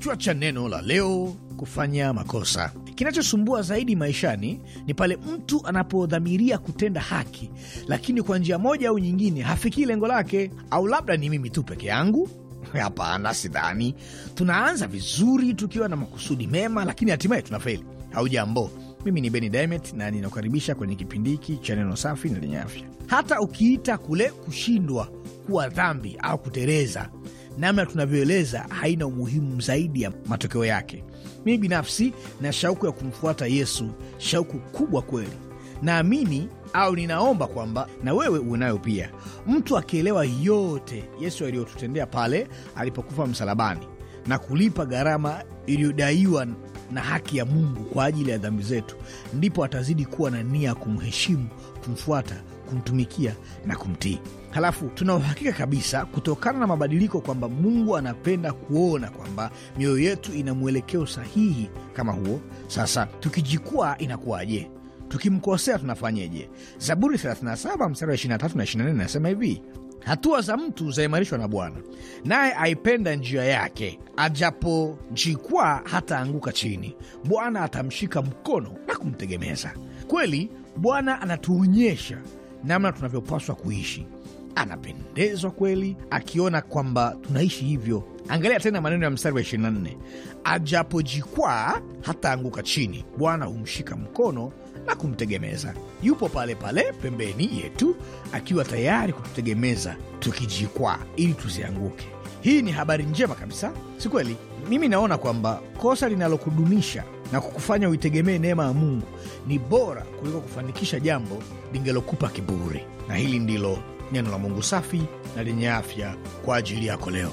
Kichwa cha neno la leo: kufanya makosa. Kinachosumbua zaidi maishani ni pale mtu anapodhamiria kutenda haki, lakini kwa njia moja au nyingine hafikii lengo lake. Au labda ni mimi tu peke yangu? Hapana, sidhani. Tunaanza vizuri tukiwa na makusudi mema, lakini hatimaye tunafeli. Haujambo, mimi ni Beni Dimet na ninakukaribisha kwenye kipindi hiki cha neno safi na lenye afya. Hata ukiita kule kushindwa kuwa dhambi au kutereza namna tunavyoeleza haina umuhimu zaidi ya matokeo yake. Mimi binafsi na shauku ya kumfuata Yesu, shauku kubwa kweli. Naamini au ninaomba kwamba na wewe nayo pia. Mtu akielewa yote Yesu aliyotutendea pale alipokufa msalabani na kulipa gharama iliyodaiwa na haki ya Mungu kwa ajili ya dhambi zetu, ndipo atazidi kuwa na nia ya kumheshimu, kumfuata, kumtumikia na kumtii. Halafu tuna uhakika kabisa kutokana na mabadiliko kwamba Mungu anapenda kuona kwamba mioyo yetu ina mwelekeo sahihi kama huo. Sasa tukijikwaa inakuwaje? Tukimkosea tunafanyeje? Zaburi 37 mstari wa 23 na 24 nasema hivi: Hatua za mtu zaimarishwa na Bwana, naye aipenda njia yake. Ajapojikwaa anguka chini, Bwana atamshika mkono na kumtegemeza. Kweli Bwana anatuonyesha namna tunavyopaswa kuishi. Anapendezwa kweli akiona kwamba tunaishi hivyo. Angalia tena maneno ya mstari wa 24, ajapojikwaa hataanguka chini, Bwana humshika mkono na kumtegemeza. Yupo pale pale pembeni yetu akiwa tayari kututegemeza tukijikwaa ili tusianguke. Hii ni habari njema kabisa, si kweli? Mimi naona kwamba kosa linalokudumisha na kukufanya uitegemee neema ya Mungu ni bora kuliko kufanikisha jambo lingelokupa kiburi. Na hili ndilo neno la Mungu safi na lenye afya kwa ajili yako leo.